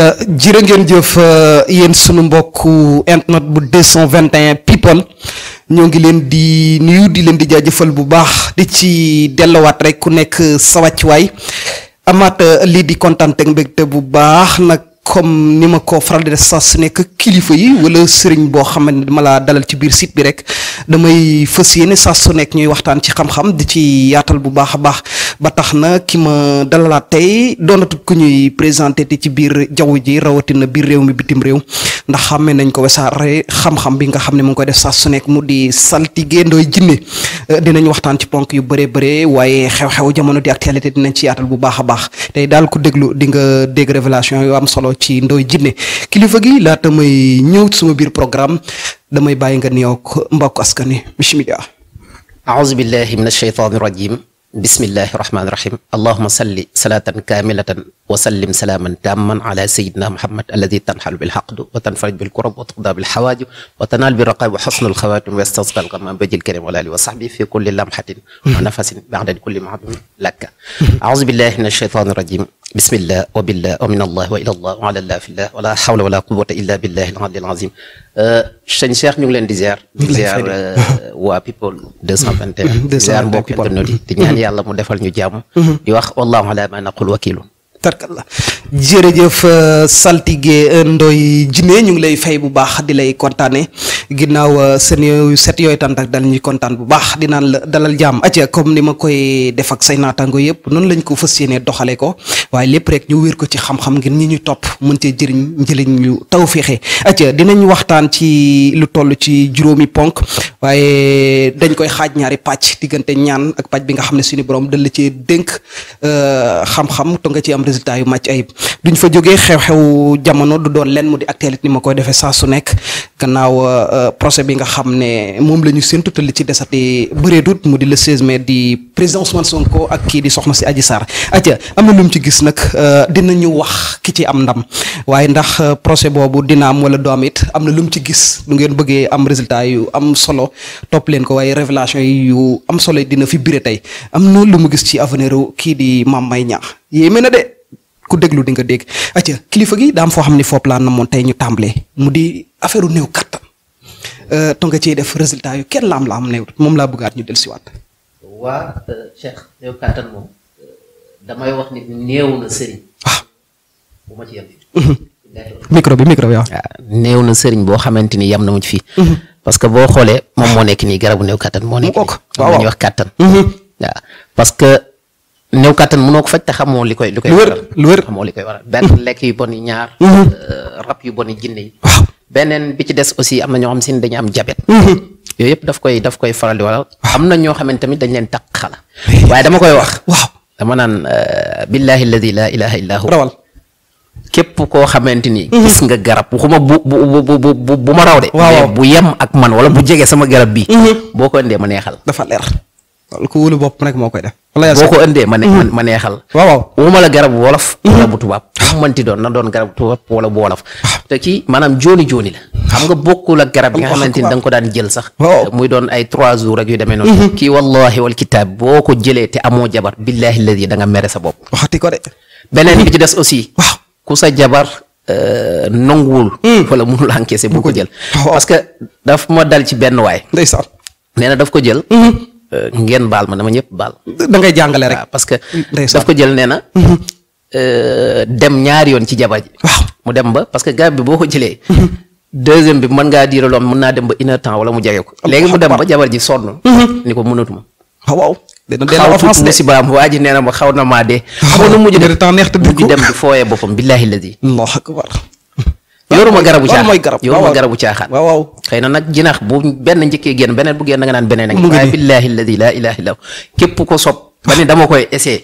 jërë ngeen jëf euh, yéen sunu mbokk internet bu 221 people ñoo ngi leen di nuyu di leen di jaajëfal bu baax di ci dellowaat rek ku nekk euh, sa wàccuwaay amaat euh, lii di kontaan ak mbégte bu baax nag comme ni ma ko faral di def saa su nekk kilifa yi wala sëriñ boo xam ne dama laa dalal ci biir sit bi rek damay fas yéene saa su nekk ñuy waxtaan ci xam-xam di ci yaatal bu baax a baax. ba tax na ki ma dalalaat tey doonatut ku ñuy présenté te ci biir jaww ji rawatina biir réew mi bitim réew ndax xàmmee nañ ko Wassare xam-xam bi nga xam ne mu ngi koy def saa su nekk mu di saltige Ndoye Djiné eh, dinañ waxtaan ci ponk yu bëree bëree waaye xew-xew jamono di actualité dinañ ci yaatal bu baax a baax tey daal ku déglu di nga dégg révélation yu am solo ci Ndoye Djiné kilifa gi laata may ñëw suma biir programme damay bàyyi nga nuyoo mbokk askan wi bismillah. a'uuzu billahi mina shaytaani rajiim. bismillahi rahmaani rahim allahuma salli salaatan kaamilatan wa sallim salaaman tamman ala sayidina muhammad alladi tanxalu bilxaqdu wa tanfarij bilkurab wa tuqda bilxawaaju wa tanaal biraqaab wa xusnul xawaatim wa yastasqa alqamam bajil karim wa alihi wa saxbi fi kulli lamxatin wa nafasin ba'da kulli maadun lakka auzu billahi min alshaytaani rajim bismillah wa billah wa min allah wa ila allah wa ala allah fillah wala hawla wala quwwata illa billahi al-aliyyil azim euh, sëñ Cheikh ñu ngi leen di ziar di ziar euh, waa people 221 di ziar mbokk internet yi di ñaan yàlla mu defal ñu jàmm di wax wallahu ala ma naqul wakilu tarkalla jërëjëf euh, saltige euh, Ndoye Djiné ñu ngi lay fay bu baax di lay kontaane ginnaaw euh, seen set yooyu tam ak dal kontaan bu baax di la dalal jàmm aca comme ni ma koy def ak say naataango yëpp noonu lañ ko fas yéene doxalee ko waaye lépp rek ñu wér ko ci xam-xam ngir ñi topp mën cee jëriñ njëriñ ñu taw féexe aca dinañ waxtaan ci lu toll ci juróomi ponk waaye dañ koy xaaj ñaari pàcc diggante ñaan ak pàcc bi nga xam ne suñu borom dal la ci dénk xam-xam to nga ci am résultat yu màcc ayib duñ fa jógee xew-xew jamono du doon lenn mu di actualité ni ma koy defee saa su nekk gannaaw euh, procès bi nga xam ne moom la ñu séntu te li ci desati bëreetut mu di le 16 mai di président Ousmane Sonko ak kii di soxna si Adji Sarr aja am na lu mu ci gis nag euh, dina dinañu wax ki ci am ndam waaye ndax euh, procès boobu dina am wala du am it am na lu mu ci gis du ngeen bëggee am résultat yu am solo topp leen ko waaye révélation yu am solo dina fi bire tey am yéeme na de ku déglu di nga dégg acca kilifa gi daam foo xam ni foofu laa namoon tey ñu tàmbalee mu di affaire u néew kattan euh, tonga ciy def résultat yu kenn laam la am néew moom laa bëggaat ñu dellusiwaat. waa euh, Cheikh néew kattan moom euh, damay wax ni néew na sëriñ. waaw ah. bu ma ci mhm. bi micro bi waaw. Ah, néew na sëriñ boo xamante ni yem na mu ci fii. Mhm. parce que boo xoolee moom moo nekk nii garabu néew kattan moo nekk. mu bokk waaw wax kattan. waaw mhm. parce que. néew kàttan mënoo ko faj te xamoo li koy. lu koy lu wër xamoo li koy waral benn mm-hmm. lekk yu bon ñaar. Mm-hmm. Euh, rab yu bon yi jinne yi. beneen bi ci des aussi am na ñoo xam si ne dañu am jabet. Mm-hmm. yooyu yëpp daf koy daf koy faral di waral. am na ñoo xamante tamit dañ leen taq xala. waaye dama koy wax. waaw dama naan euh, billahi alladi la ilaha koo xamante ni. gis nga garab waxuma bu bu bu bu bu ma raw de. waaw bu yem ak man wala bu jege sama garab bi boo ko indee ma neexal. dafa leer. lu ko wóolu bopp moo koy def. wala boo ko ëndee ma ne mm-hmm. ma neexal. waaw waaw waxuma la garabu wolof. wala mm-hmm. bu tubaab ah. mënti doon na doon garabu tubaab wala bu wolof. Ah. te kii maanaam jooni jooni la. Ah. xam nga bokkul ak garab gi nga xamante ni da nga ko daan jël sax. muy doon ay trois jours ak yu demee noonu. Mm-hmm. kii wallahi wal kitaab boo ko jëlee te amoo jabar billahi ladi da nga mere sa bopp. waxati ko beneen bi ci des aussi. waaw ku sa jabar. Euh, nanguwul. Mm. wala munul encaisser bu ko jël. parce que daf ma dal ci benn waay. ndeysaan nee daf ko jël. Euh, ngeen baal ma dama ñëpp baal. da ngay jàngale rek. parce que daf ko jël nee na. Mhm. Euh, dem ñaari yoon ci jabar ji. waaw mu dem ba parce que garab bi boo ko jëlee. Mhm. deuxième bi man ngaa diir lool naa dem ba une a temps wala mu jege ko. léegi mu dem ba jabar ji sonn. Mhm. ni ko mënatuma. Ah, waaw dina delloo xaw tuuti musibaam waa ji na ma xaw na maa dee. Ah, xaw na mujj dem dem di fooyee boppam billaahi lazi. allahu akbar yoruma garabu caaxaan yoruma garabu caaxaan waaw waaw xëy na nag jinax bu benn njëkkee génn beneen bu génn da nga naan beneen ak waaye billahi alladi ko sob ba ni dama koy essayé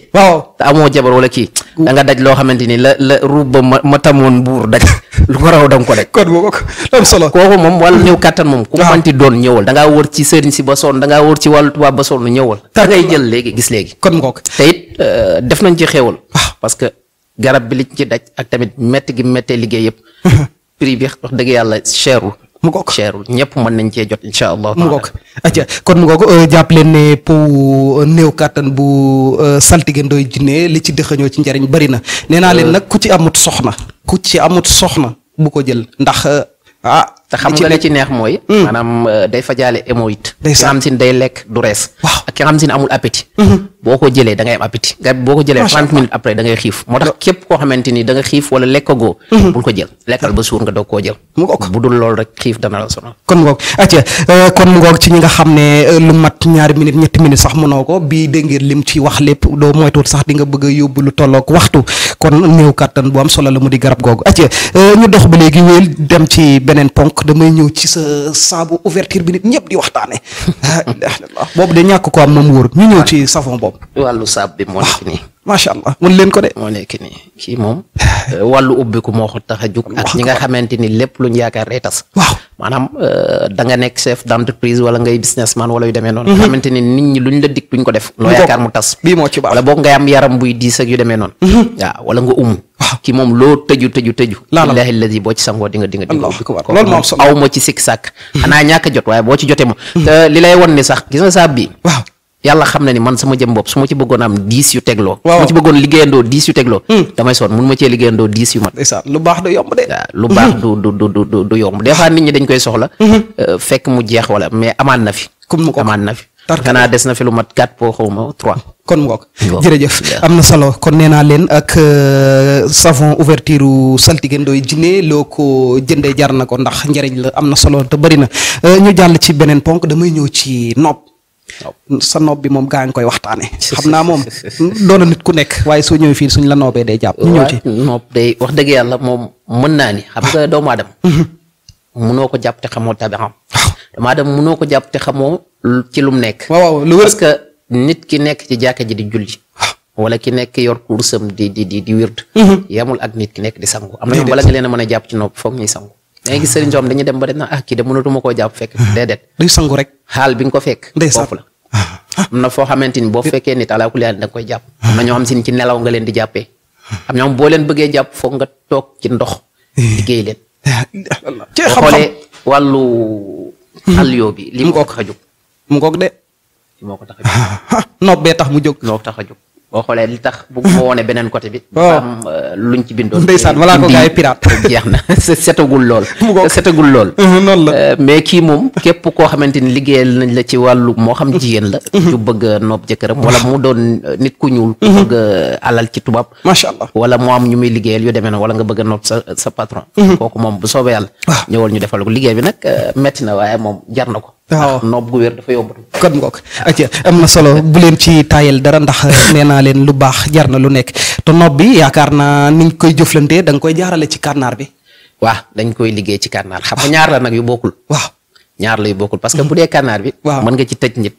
amoo jabar wala kii da nga daj loo xamante ni la la ruuba ma ma tamoon buur daj lu ko raw da nga ko daj solo kooku moom wàllu néew kattan moom ku manti doon ñëwal da ngaa wër ci sëriñ si ba sonn da ngaa wër ci wàllu tubaab ba sonn ñëwal da ngay jël léegi gis léegi kon kooku te it euh, def nañ ci xéewal parce que garab bi li ci daj ak tamit métti gi méttee liggéey yëpp prix bi wax dëgg yàlla cherul mu ngoog cherul ñëpp mën nañ cee jot incha allah. mu ngoog aja kon mu ngoog euh, jàpp leen ne pou euh, néew kàttan bu euh, saltige Ndoye Diné li ci dëxañoo ci njariñ bari na nee naa leen nag ku ci amut soxna ku ci amut soxna bu ko jël ndax ah. te xam nga li ci neex mooy. Hmm. maanaam day fajaale hémorroïde. day ki nga xam si day lekk du rees. waaw ak xam si amul appétit. Hmm. boo ko jëlee da ngay am appétit boo ko jëlee trente minutes après da ngay xiif moo tax képp koo xamante ni da nga xiif wala mhm. bul ko jël lekkal ba suur nga doog koo jël mu ngoog bu dul loolu rek xiif dana la sonal kon mu euh, mu ngoog ci ñi nga xam ne euh, lu sax mënoo ko bii dégg lim ci wax lépp doo moytuwul sax di nga bëgg a yóbbu lu tolloog waxtu kon néew kattan bu am solo la mu di garab googu atia euh, ñu dox ba léegi wéel dem ci beneen ponk damay ñëw ci sa saabu ouverture bi nit ñëpp di waxtaane boobu de ñàkk ko am moom wóor ñu wàllu saab bi moo nekk nii. Ah, macha allah mën leen ko de. moo nekk nii moom. Euh, wàllu ubbiku moo ko a jug. ak ñi nga xamante ni luñ yaakaar day tas. waaw maanaam euh, da nga nekk chef d' entreprise wala ngay businessman wala yu demee noonu. Mhm. nga xamante ni nit ñi luñ la dig duñ ko def. yu demee noonu. Mhm. waaw wala nga umu. ki moom loo tëju tëju tëju billahi alladi boo ci sangoo di nga di nga di nga loolu moom aw ma ci sikk mhm. xanaa ñàkk jot waaye boo ci jote mo li lay won ni sax gis yàlla xam na ni man sama jëm bopp su ma ci bëggoon am dix yu tegloo su ma ci bëggoon liggéeyandoo dix yu tegloo hmm. damay sonn mun ma cee liggéeyandoo dix yu mat lu baax de waaw lu baax hmm. du du du du du yomb des fois nit na hmm. euh, fi amaan na fi xanaa des na fi lu mat quatre po na solo euh, ko jëndee jar la am na solo te bëri na euh, ñu jàll ci beneen ponk damay ñëw ci nopp sa noob bi moom gaa ngi koy waxtaane xam naa moom doona nit ku nekk waaye soo ñëwee fii suñ la noobee day jàpp ñu ñëw ci noob day wax dëgg yàlla moom mën naa ni xam nga doomu aadama mhm. munoo ko jàpp te xamoo tabaxam doomu aadama munoo ko jàpp te xamoo ci lum nekk waaw lu wér ki nekk ci jàkka ji di julli wala ki nekk yor kursam di di di di wird mhm. yamul ak nit ki nekk di sangu am na ñoom bala nga leen a mën a jàpp ci nopp foog ñuy sangu ah. da dañuy dem ba def ah kii de mënatuma koo jàpp fekk mhm. déedéet day sangu rek xaal bi nga ko fekk. foofu la am na foo xamante ni boo fekkee nit alaa kulli haal da koy jàpp. am na ñoo ci nelaw nga leen di jàppee. am ñoom boo leen bëggee jàpp foog nga toog ci ndox. liggéey leen. ci xam bi li mu ko a jóg. mu ngoog ko tax a jóg. nobbee tax mu jóg. moo tax a jóg. boo xoolee li tax bu ma woone beneen côté bi. waaw oh. euh, luñ ci bindoon. ndeysaan wala ko gaay pirate jeex na setagul lool. setagul lool. Euh, mais kii moom képp koo xamante ni liggéeyal nañ la ci wàllu moo xam jigéen la. ñu bëgg noob jëkkëram. wala mu doon euh, nit ku ñuul. ku bëgg alal ci tubaab. macha allah wala moo am ñu muy liggéeyal yu demee na wala nga bëgg a noob sa sa patron. kooku moom bu soobee yàlla. Ah. ñëwal ñu defal ko liggéey bi nag metti na waaye moom jar na ko. waaw noob gu wér dafa yombatu. kon ngoog atia am na solo bu leen ci taayal dara ndax nee naa leen lu baax jar na lu nekk te noob bi yaakaar naa ni ñu koy jëflante da nga koy jaarale ci kànnaar bi. waa dañ koy liggéey ci kànnaar. xam nga ñaar la nag yu bokkul. waaw ñaar la yu bokkul parce que mm-hmm. bu dee kànnaar bi. waaw mën nga ci tëj nit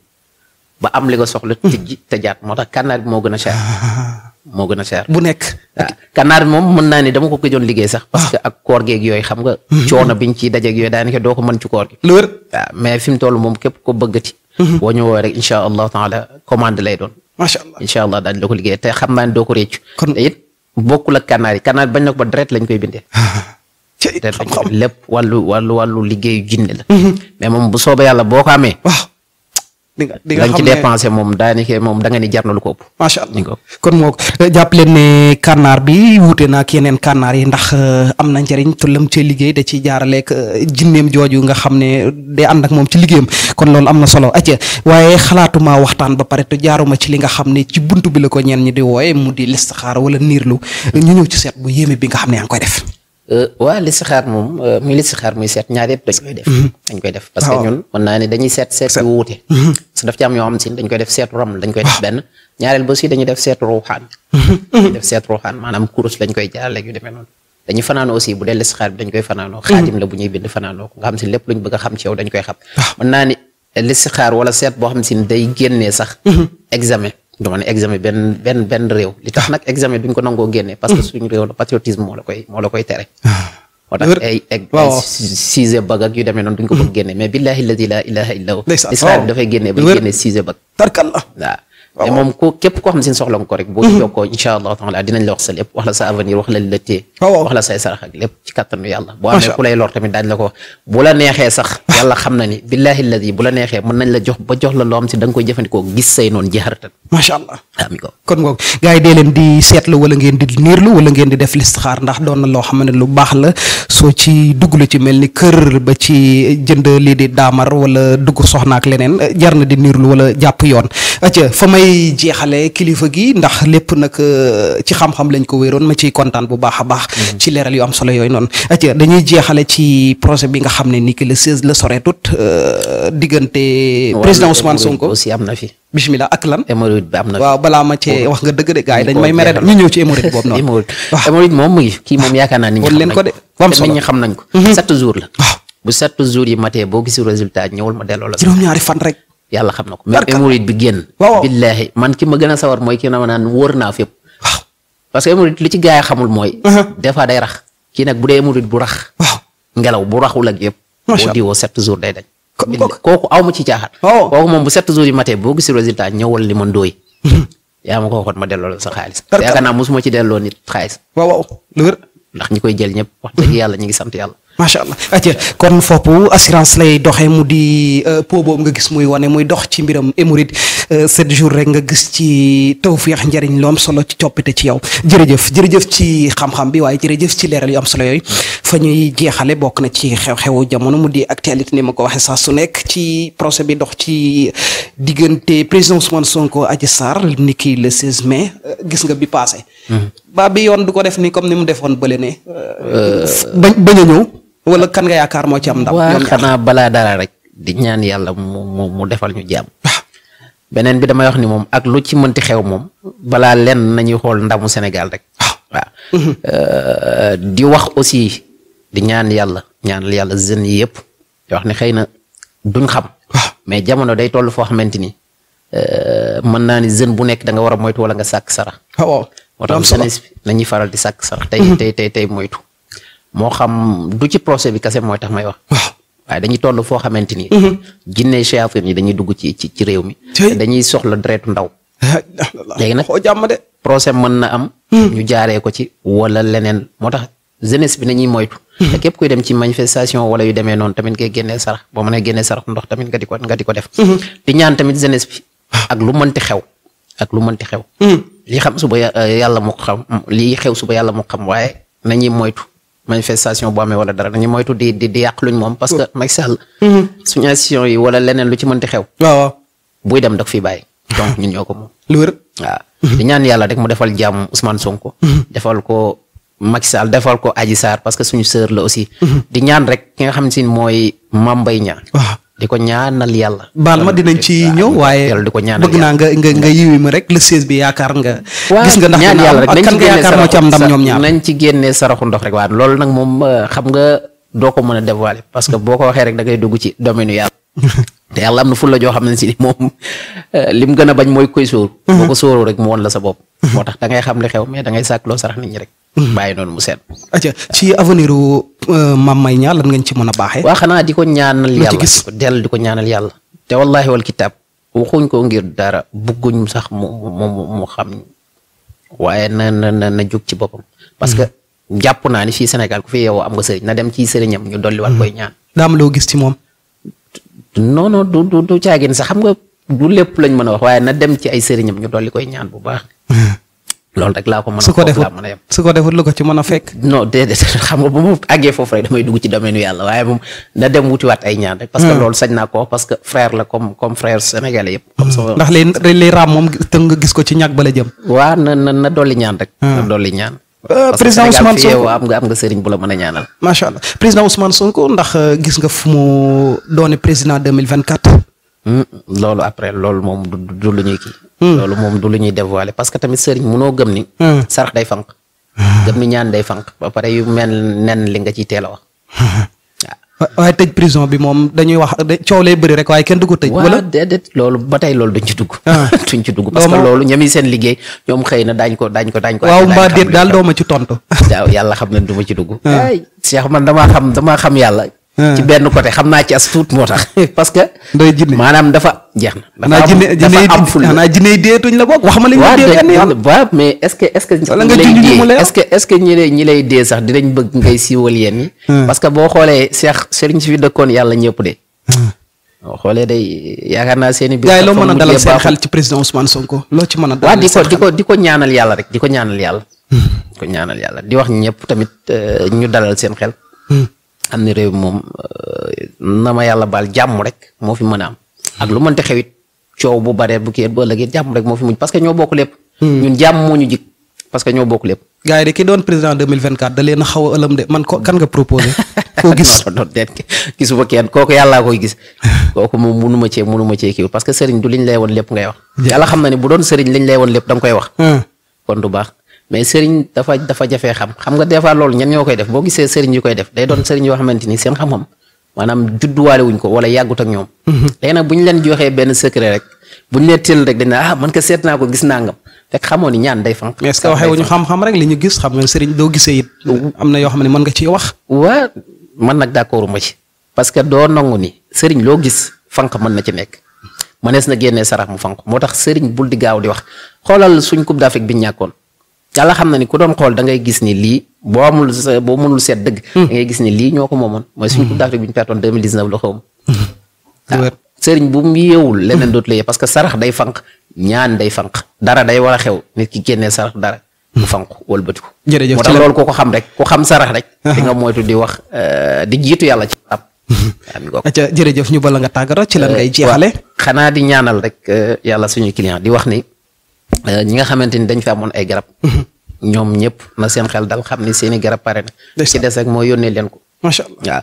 ba am li nga soxla. Mm-hmm. tijji tëjaat moo tax kànnaar bi moo gën a cher. moo gën a cher bu nekk. waaw ah. ganaar bi moom mën naa ni dama ko gëjoon liggéey sax. parce ah. que ak koor geeg yooyu xam nga. Mhm. coono biñ ciy dajeeg yooyu daanaka doo ko mën ci koor gi. lu wër waaw ah, moom képp ko bëggati. Mhm. boo ñëwoo rek incha allahu taala commande lay doon. macha allah incha la ko liggéey te xam naa ne doo ko réccu. kon te it bañ na ko ba deret lañ koy bindee. te it xam liggéeyu jinne la. Mhm. mais moom bu soobee yàlla boo di nga di nga xam ne lañ ci dépensé moom daanaka moom da nga ni jar na lu ko ëpp. macha allah kon moo eh, jàpp leen ne kànnaar bi wuute na ak yeneen kànnaar yi ndax eh, am na njëriñ te lam cee liggéey da ciy jaaraleeg eh, jinneem jooju nga xam ne day ànd ak moom ci liggéeyam kon loolu am na solo atia waaye xalaatuma waxtaan ba pare te jaaruma ci li nga xam ne ci bunt bi la ko ñeen ñi di wooye mu di listixaar wala lu ñu ñëw ci seet bu yéeme bi nga xam ne yaa ngi koy def. Euh, waa listixaar moom euh, muy listixaar muy seet ñaar yëpp koy def. Mm-hmm. dañ koy def parce que ah, ñun mën naa ne dañuy seet seet yu wuute su mhm. daf ci xam si dañ koy def seetu raml dañ koy def ah. benn ñaareel ba si mhm. dañuy def seetu ruuxaan maanaam kurus lañ koy jaarale yu koy fanaanoo mhm. xaadim la bu bind fanaanoo ko nga xam si lépp luñ bëgg a xam ci yow dañ koy xam ah. mën naa ni wala seet boo xam si ne day génnee sax examen du ma ne examen benn réew li tax nag examen duñ ko nangoo génnee parce que suñu réew la patriotisme moo la moo tax ay ay siise bag ak yu demee noonu duñ ko bëgg génne mais billahi alladi la ilaha illa hu islam dafay génne bay génne siise bag tarkal la waaw mais ah, moom ku képp koo xam ne soxla nga ko rek boo ñu mhm. jokkoo insha allahu la wax sa lépp wax la sa avenir wax la li la téye ah, wax la say sarax ak lépp ci kàttanu yàlla boo amee ku lay lor tamit daañ la ah. xam na ni billahi alladi bu la neexee mën nañ la jox ba jox la loo xam si da nga koy jëfandikoo gis say noonu jiharatan macha allah ami ko kon ngoog yi dee leen di seetlu wala ngeen di niirlu wala ngeen di def listixaar ndax doon na loo xam ne lu baax la soo ci dugg la ci mel ni kër ba ci jënd lii di daamar wala dugg soxnaak leneen jar na di niirlu wala jàpp yoon atia fa may jeexale kilifa gi ndax lépp nag euh, ci xam-xam lañ ko weeroon ma ci kontaan bu baax a baax. Mm-hmm. ci leeral yu am solo yooyu noonu. atia dañuy jeexale ci projet bi nga xam ne ni ki le 16 la soreetut euh, diggante. président Ousmane Sonko am na fi. bismillah ak lan. hémorroïde bi am na waaw balaa ma moom mu ngi kii moom yaakaar naa nit ñi. solo xam nañ ko. Mm-hmm. sept la. waaw bu sept jours yi matee boo gisul résultat ñëwul ma delloo la. juróom-ñaari fan rek. yàlla xam na ko. même hémorroïde bi génn. waaw man ki ma gën a sawar mooy ki na ma naan wóor naa fépp. waaw parce que hémorroïde li ci gaa yi xamul mooy. Uh-huh. des fois day rax kii nag bu dee hémorroïde bu rax. ngelaw bu raxul ak yëpp. macha allah boo diwoo sept jours day kooku aw ma ci caaxaan. kooku moom bu sept jours yi matee boo gis résultat ñëwal li man dooy. Mm-hmm. yaa ma ko waxoon ma delloo la sa xaalis. yaakaar naa mosuma ci delloo nit xaalis. waaw waaw lu wér. ndax ñi koy jël ñëpp wax dëgg yàlla ñi ngi sant yàlla macha allah atia kon foofu assurance lay doxee mu di euh, po boobu nga gis muy wane muy dox ci mbiram émoride euh, sept jour rek nga gis ci tawféex njariñ lu solo ci coppite ci yow jërëjëf jërëjëf ci xam-xam bi waaye jërëjëf ci leeral yu am solo yooyu fa ñuy jeexale bokk na ci xew-xewu jamono mu di actualité ni ma ko waxee saa su nekk ci procès bi dox ci diggante président Ousmane Sonko Adji Sarr ni ki le 16 mai euh, gis nga bi passé. Hmm. ba bi yoon du ko def ni comme ni mu defoon bële ne. wala kan nga yaakaar moo ci am ndam. waaw xanaa balaa dara rek di ñaan yàlla mu mu defal ñu jàmm. beneen bi damay wax ni moom ak lu ci mënti xew moom balaa lenn nañuy xool ndamu Sénégal rek. waaw mhm. euh, di wax aussi di ñaan yàlla ñaanal yàlla jeunes yi yëpp di wax ne xëy na duñ xam. mais jamono day toll foo xamante ni euh, mën naa ni jeune bu nekk da nga war a moytu wala nga sàkk sarax. moo tax jeunesse nañuy faral di sàkk sarax. Mhm. tey tey tey tey moytu. moo xam du ci procès bi kese mooy tax may wax. waaye dañuy toll foo xamante ni. Mhm. jinne cheyaatin yi dañuy dugg ci ci ci réew mi. dañuy soxla deretu ndaw. léegi nag xoo jàmm de. procès mën na am. Mhm. ñu jaaree ko ci wala leneen moo tax jeunesse bi nañuy moytu. Mhm. te képp kuy dem ci manifestation wala yu demee noonu tamit ngay génnee sarax boo mënee génnee sarax ndox tamit nga di ko nga di ko def. di ñaan tamit jeunesse bi. Ah. ak lu mënti xew. ak lu mënti xew. li xam suba euh, yàlla moo xam lii xew suba yàlla waaye nañuy moytu. manifestation bu amee wala dara dañu moytu di di di yàq luñ moom parce que Macky Sall mm-hmm. suñu institution yi wala leneen lu ci mënti xew waaw buy dem daf fiy bàyyi donc ñun ñoo ko moom lu wér mm-hmm. di ñaan yàlla rek mu defal jàmm Ousmane Sonko mm-hmm. defal ko Macky defal ko Adji parce que suñu sœur aussi di ñaan rek ki xam si mooy Mame Mbaye di ko ñaanal yàlla. baal ma dinañ ci ñëw waaye di ko bëgg naa nga nga nga yiwi ma rek le 16 bi yaakaar nga. gis nga ndax ñaan yàlla rek nañ ci génne saraxu ñoom ñaar nañ génne saraxu ndox rek waa lool nag moom euh, xam nga doo ko mën a dévoiler parce que boo ko waxee rek da ngay dugg ci domaine yàlla. te yàlla am na fulla joo xam ne si moom euh, lim gën a bañ mooy koy sóoru. Mm-hmm. boo ko sóoroo rek mu won la sa bopp. Mm-hmm. moo tax da ngay xam li xew mais da ngay sarax nit ñi rek. bàyyi noonu mu seet. atia ci avenir u euh, Mame Mbaye Niang lan ngeen ci mën a baaxee. waa xanaa di ko ñaanal yàlla di di ko ñaanal yàlla. te wallaahi wal kitaab waxuñ koo ngir dara bëgguñ sax mu mu xam waaye na na na jóg ci boppam. parce que mm-hmm. jàpp naa ni fii Sénégal ku fi yeewoo am nga sëriñ na dem ci sëriñam ñu dolliwaat koy ñaan. daam loo gis ci moom. non non du du caagin sax xam nga du lépp lañ mën a wax waaye na dem ci ay sëriñam ñu dolli koy ñaan bu baax. loolu rek laa ko mën a. su ko defut su ko defut lu ko ci mën a fekk. non déedéet xam nga bu ma àggee foofu rek damay dugg ci domaine yàlla waaye moom na dem wutiwaat ay ñaan rek. parce que hmm. loolu sañ naa ko parce que frère la comme frère sénégalais yëpp. Hmm. ndax li raam moom te nga gis ko ci ñàkk bala jëm. waa na dolli ñaan rek. na hmm. dolli ñaan. Euh, président Ousmane Sonko a ñaanal. macha allah président Ousmane Sonko ndax euh, gis nga fu mu doone président 2024. Hmm? loolu après loolu moom du lu ñuy kii. Hmm. loolu moom du lu ñuy dévoiler parce que tamit sëriñ munoo gëm ni. Hmm. sarax day fanq. gëm ni ñaan day fanq ba pare yu mel nen li nga ciy teel a wax. waaye tëj prison bi moom dañuy wax coow lay bëri rek waaye kenn du ko tëj. wala de loolu ba tey loolu duñ ci dugg. Ah. duñ ci dugg parce que loolu ñoom seen liggéey ñoom xëy na daañ ko daañ ko daañ ko. waaw mbaa déet daal doo ma ci tontu. waaw yàlla xam ne du ma ci dugg. Ah. Cheikh man damaa xam damaa xam yàlla. Ah. ci benn côté xam naa ci as tuut moo tax. parce que. nday jinne maanaam dafa jeex na. dafa am dafa am ful xanaa jinne deetuñ la bokk wax ma la ñuy dee benn yoon waaw mais est-ce que est-ce que. est-ce que est que ñi lay dee sax dinañ bëgg ngay siiwal yéen yi ah. parce boo xoolee seex sëriñ si fi dëkkoon yàlla ñëpp de. Ah. boo xoolee day yaakaar naa seen i. biir loo mën a dalal seen xel ci président Ousmane Sonko loo ci mën a. dalal di ko di ko di ko ñaanal yàlla rek di ko ñaanal yàlla. Hmm. di ko ñaanal yàlla di wax ñëpp tamit euh, ñu dalal seen xel hmm. am na réew moom euh, na ma yàlla baal jàmm rek moo fi mën am. ak lu mënti xewit coow bu baree bu kii bu ëllëgee jàmm rek moo fi mujj parce que ñoo bokk lépp. Hmm. ñun jàmm moo ñu jig parce que ñoo bokk lépp. gars yi de ki doon président 2024 da leen a xaw a de man ko kan nga proposé. koo gis non non kenn kooku yàllaa koy gis kooku moom munu ma cee munu ma cee kii parce que sëriñ du liñ lay woon lépp ngay wax. yàlla na ne bu doon sëriñ liñ lay woon lépp da nga koy wax. Hmm. kon du baax. mais sëriñ dafa dafa jafe xam xam nga des fois loolu ñan ñoo koy def boo gisee sëriñ yu koy def day doon sëriñ yoo xamante ni seen xam-xam maanaam judduwaale wuñ ko wala yàggut ak ñoom. Mhm. léegi nag bu ñu leen joxee benn secret rek bu ñu rek dañ ne ah man seet naa ko gis nangam fekk xamoo ni ñaan day fànq. mais est-ce xam-xam rek li ñu gis xam nga sëriñ doo gisee it. am na yoo xam ne mën nga ciy wax. waa man nag d'accord ma ci parce que doo nangu nii sëriñ loo gis fanq mën na ci nekk mënees na génnee sarax mu fànq moo tax sëriñ bul di gaaw di wax xoolal suñ coupe d'Afrique bi ñàkkoon yàlla xam na ni ku doon xool da ngay gis ni lii boo amul boo mënul seet dëgg. Hmm. da ngay gis ni lii ñoo ko moomoon. mooy suñu Coupe d'Afrique bi ñu pertoon 2019 la xawma. Ah, bu mu yeewul leneen dootu la yee parce que sarax day fanq ñaan day fanq dara day war a xew nit ki génnee sarax dara. mu hmm. fanq wëlbati jërëjëf moo tax loolu ko ko xam rek ku xam sarax rek. di nga moytu di wax euh, di jiitu yàlla ci ab. jërëjëf ñu bala nga tàggatoo ci la euh, ngay jeexale. xanaa di ñaanal rek euh, yàlla suñu client di wax ni. Euh, ñi nga xamante ni dañ fi amoon ay garab. ñoom ñëpp na seen xel dal xam ni seeni garab pare na. ci des rek moo yónnee leen ko. macha allah waaw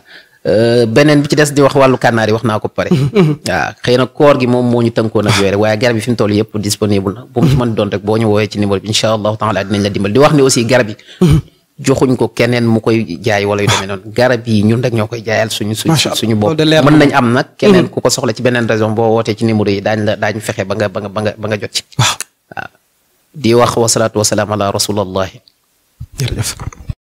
euh, beneen bi ci des di wax wàllu kànnaar yi wax naa ko pare. waaw xëy na koor gi moom moo ñu tënkoon ak yooyu rek waaye garab yi fi yëpp disponible na. bu mu ci boo ñu woowee ci numéro bi incha allahu taala dinañ la dimbal di wax ni aussi garab yi. joxuñ ko keneen mu koy jaay wala yu demee noonu garab yi ñun rek ñoo koy jaayal suñu suñu suñu bopp mën nañ am nag keneen ku ko soxla ci beneen raison boo wootee ci numéro yi daañ la daañ fexe ba nga ba nga ba di wax wasalaatu wasalaam ala rasulallahi jërëjëf